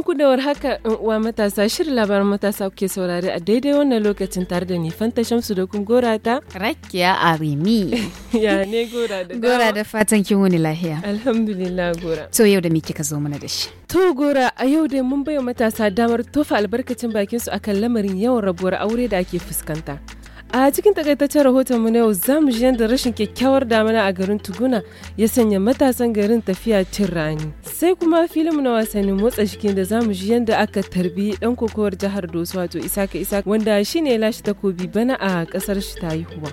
barkan ku da war haka uwa matasa shirin labaran matasa kuke saurari a daidai wannan lokacin tare da ni fanta shamsu da kun gora ta rakiya remi ya ne gora da gora da fatan kin wani lahiya alhamdulillah gora to yau da me kika zo mana da shi to gora a yau dai mun bayyana matasa damar tofa albarkacin bakin su akan lamarin yawan rabuwar aure da ake fuskanta A cikin takaitaccen rahotonmu na yau za mu da rashin kyakkyawar damana a garin Tuguna ya sanya matasan garin tafiya cin rani. Sai kuma filin na wasannin motsa jiki da za mu da aka tarbi dan kokowar jihar dosu wato Isaka Isaka wanda shine lashe takobi bana a kasar shi ta haihuwa.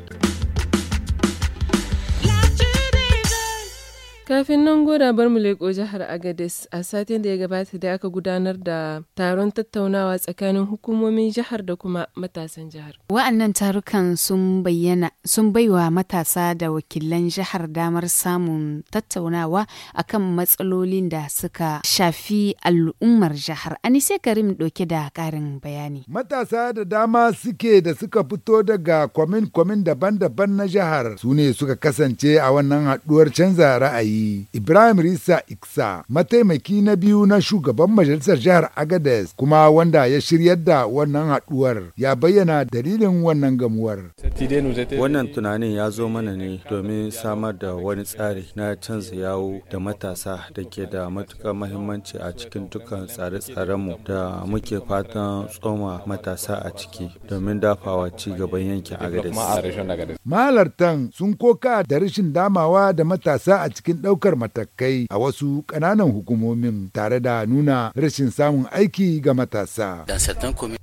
Kafin nan goda bar mu leƙo jihar Agadez a satin da ya gabata da aka gudanar da taron tattaunawa tsakanin hukumomin jihar da kuma matasan jihar. Wa'annan tarukan sun bayyana sun baiwa matasa da wakilan jihar damar samun tattaunawa akan matsalolin da suka shafi al'ummar jihar. Anise Karim doke da karin bayani. Matasa da dama suke da suka fito daga kwamin-kwamin daban-daban na jihar su ne suka kasance a wannan haɗuwar canza ra'ayi Ibrahim Risa Iksa, mataimaki na biyu na shugaban majalisar jihar Agadez, kuma wanda ya shiryar da wannan haɗuwar ya bayyana dalilin wannan gamuwar. Wannan tunanin ya zo mana ne domin samar da wani tsari na canza yawo da matasa da ke da matuƙar mahimmanci a cikin dukkan tsare-tsarenmu da muke fatan tsoma matasa a ciki domin dafawa ci gaban yankin agadez. Mahalartan sun koka da rashin damawa da matasa a cikin ɗaukar matakai a wasu ƙananan hukumomin tare da nuna rashin samun aiki ga matasa.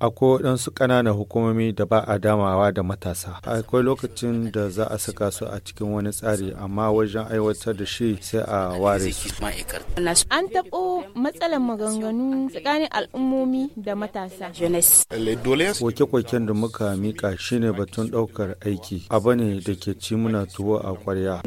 Akwai waɗansu ƙananan hukumomi da ba a damawa da matasa. Akwai lokacin da za a saka su a cikin wani tsari amma wajen aiwatar da shi sai a ware An taɓo matsalar maganganu tsakanin al'ummomi da matasa. Koke-koken da muka mika shine batun ɗaukar aiki. Abu ne da ke ci muna tuwo a ƙwarya.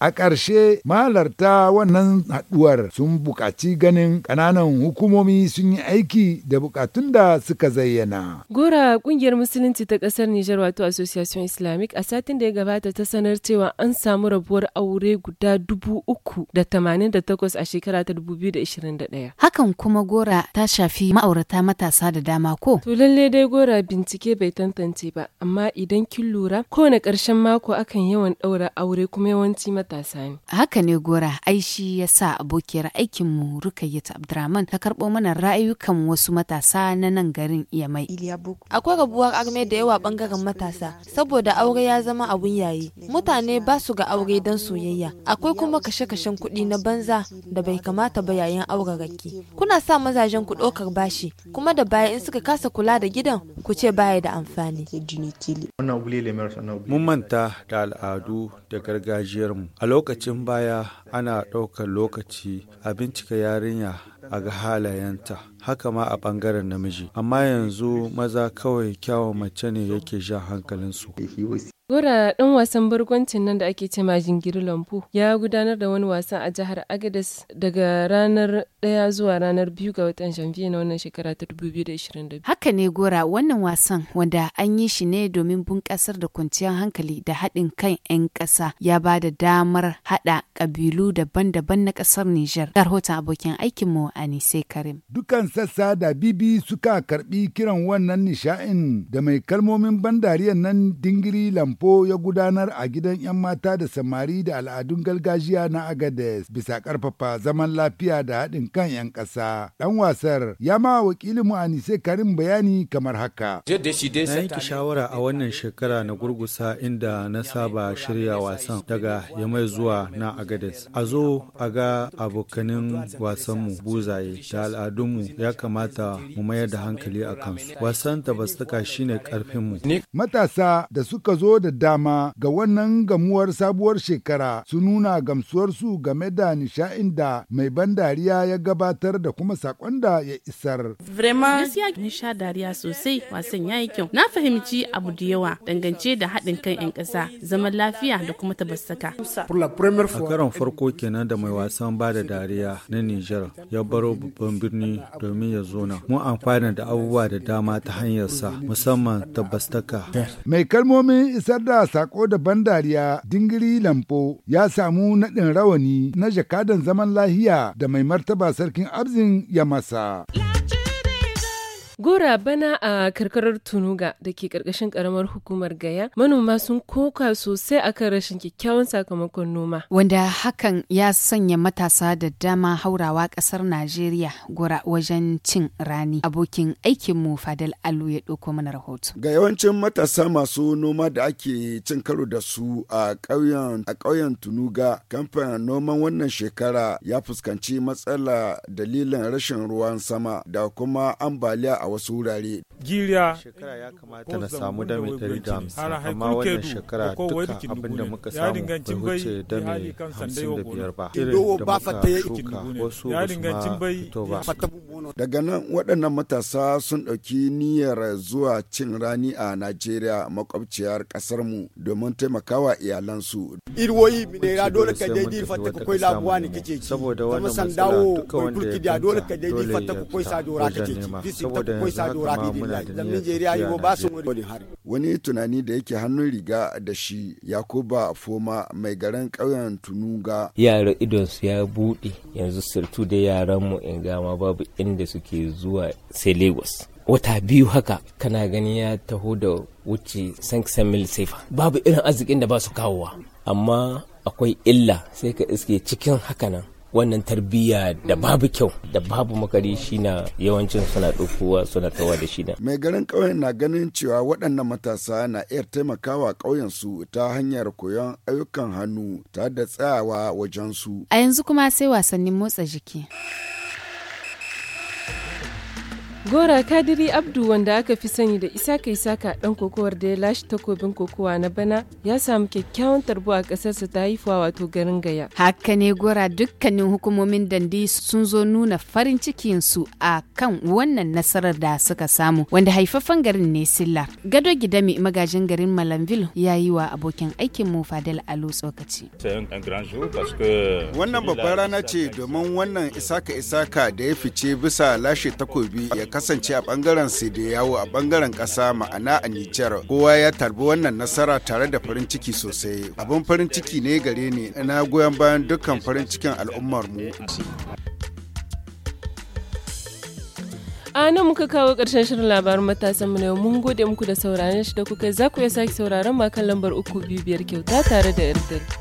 A ƙarshe ma mahalarta wannan haɗuwar sun bukaci ganin ƙananan hukumomi sun yi aiki da buƙatun da suka zayyana. Gora ƙungiyar Musulunci ta ƙasar Nijar wato Association Islamic a satin da ya gabata ta sanar cewa an samu rabuwar aure guda dubu uku da tamanin da takwas a shekara ta dubu biyu da ishirin da ɗaya. Hakan kuma Gora ta shafi ma'aurata matasa da dama ko? To lalle dai Gora bincike bai tantance ba amma idan kin lura kowane ƙarshen mako akan yawan ɗaura aure kuma yawanci matasa ne. Hakan ne gora ai shi ya sa abokiyar aikinmu rukayyata Abdurrahman ta karɓo mana ra'ayukan wasu matasa na nan garin mai Akwai rabuwar arme da yawa bangaren matasa saboda aure ya zama abun yayi. Mutane ba su ga aure don soyayya. Akwai kuma kashe-kashen kuɗi na banza da bai kamata ba yayin auraraki. Kuna sa mazajen ku ɗaukar bashi kuma da baya in suka kasa kula da gidan ku ce baya da amfani. Mun manta da al'adu da gargajiyarmu. A lokacin baya ana ɗaukar lokaci a bincika yarinya a ga halayenta haka ma a ɓangaren namiji amma yanzu maza kawai kyawun mace ne yake jan hankalinsu Gora ɗan wasan burguncin nan da ake ce Jingiri Lampu ya gudanar da wani wasan a jihar Agadez daga ranar ɗaya zuwa ranar biyu ga watan Janvier na wannan shekara ta 2022. Haka ne Gora wannan wasan wanda an yi shi ne domin bunƙasar da kwanciyar hankali da haɗin kan 'yan ƙasa ya ba da damar haɗa ƙabilu daban-daban na ƙasar Nijar. Rahoton abokin aikinmu anise karim dukan sassa da bibi suka karbi kiran wannan nisha'in da mai kalmomin ban bandariyar nan dingiri lampo ya gudanar a gidan 'yan mata da samari da al'adun gargajiya na agades bisa karfafa zaman lafiya da haɗin kan 'yan ƙasa ɗan wasar ya ma wakilin mu anise karim bayani kamar haka na yanke shawara a wannan shekara na gurgusa inda na saba shirya wasan daga yamai zuwa na agades a zo a ga abokanin wasanmu buza jajaye da al'adunmu ya kamata mu mayar da hankali a kansu. Wasan tabastuka shine karfinmu. Matasa da suka zo da dama ga wannan gamuwar sabuwar shekara su nuna gamsuwarsu game da nisha'in da mai ban dariya ya gabatar da kuma sakon da ya isar. nisha dariya sosai wasan yayi kyau. Na fahimci abu da yawa dangance da haɗin kan 'yan ƙasa, zaman lafiya da kuma tabassaka. A karon farko kenan da mai wasan ba da dariya na Nijar ya baro babban birni domin ya zo nan. Mun amfana da abubuwa da dama ta hanyar sa, musamman tabbastaka. Mai kalmomin isar da sako da ban dariya dingiri lampo ya samu naɗin rawani na jakadan zaman lahiya da mai martaba sarkin abzin ya masa. Gora bana a karkarar Tunuga da ke karkashin karamar hukumar Gaya, manoma sun koka sosai akan rashin kyakkyawan sakamakon noma. Wanda hakan ya sanya matasa da dama haurawa kasar Najeriya gora wajen cin rani. Abokin aikinmu Fadal Alu ya ɗauko mana rahoto. Ga yawancin matasa masu noma da ake cin karo da su a ƙauyen ƙauyen Tunuga, kamfanin noman wannan shekara ya fuskanci matsala dalilin rashin ruwan sama da kuma ambaliya a wasu wurare. Giriya shekara ya kamata na samu da hamsin amma wannan shekara duka abin da muka samu bai wuce da biyar ba. Irin da muka shuka wasu basu ma fito ba. Daga nan waɗannan matasa sun ɗauki niyyar zuwa cin rani a Najeriya makwabciyar ƙasar mu domin taimakawa iyalansu. Irwoyi ne ya dole ka daidai fata ka koi labuwa ne kake ci. Saboda wannan matsala duka wanda ya kanta dole ya kanta dole ne ma saboda sa dora bidillahi zamin jeriya yi ba su muri har wani tunani da yake hannun riga da shi yakuba foma mai garin ƙauyen tununga yara idon su ya buɗe yanzu sirtu da yaran mu in gama babu inda suke zuwa sai lagos wata biyu haka kana gani ya taho da wuce sankisan mil babu irin arzikin da ba su kawowa amma akwai illa sai ka iske cikin haka nan wannan tarbiyya da babu kyau da babu makari shi na yawancin suna ɗaukowa suna kawa da shi na. mai garin ƙauyen na ganin cewa waɗannan matasa na iya taimakawa ƙauyensu ta hanyar koyon ayyukan hannu ta da tsayawa wajensu a yanzu kuma sai wasannin motsa jiki. Gora Kadiri Abdu wanda aka fi sani da Isaka Isaka dan kokowar da ya lashe takobin kokowa na bana ya samu kyakkyawan tarbo a kasarsa ta haifuwa wato garin Gaya. Haka ne Gora dukkanin hukumomin dandi sun zo nuna farin cikin su a kan wannan nasarar da suka samu wanda haifaffen garin ne Silla. Gado Gidami magajin garin Malanville ya yi wa abokin aikin mu Fadel Alo tsokaci. Wannan babbar rana ce domin wannan Isaka Isaka da ya fice bisa lashe takobi ya kasance a bangaren sai da yawo a bangaren kasa ma'ana a Nijar. Kowa ya tarbi wannan nasara tare da farin ciki sosai. Abin farin ciki ne gare ni na goyon bayan dukkan farin cikin al'ummar mu. a nan muka kawo ƙarshen shirin labarin matasan mu na mun gode muku da sauraron shi da kuka za ku iya sake sauraron ma lambar uku biyu biyar kyauta tare da irdil.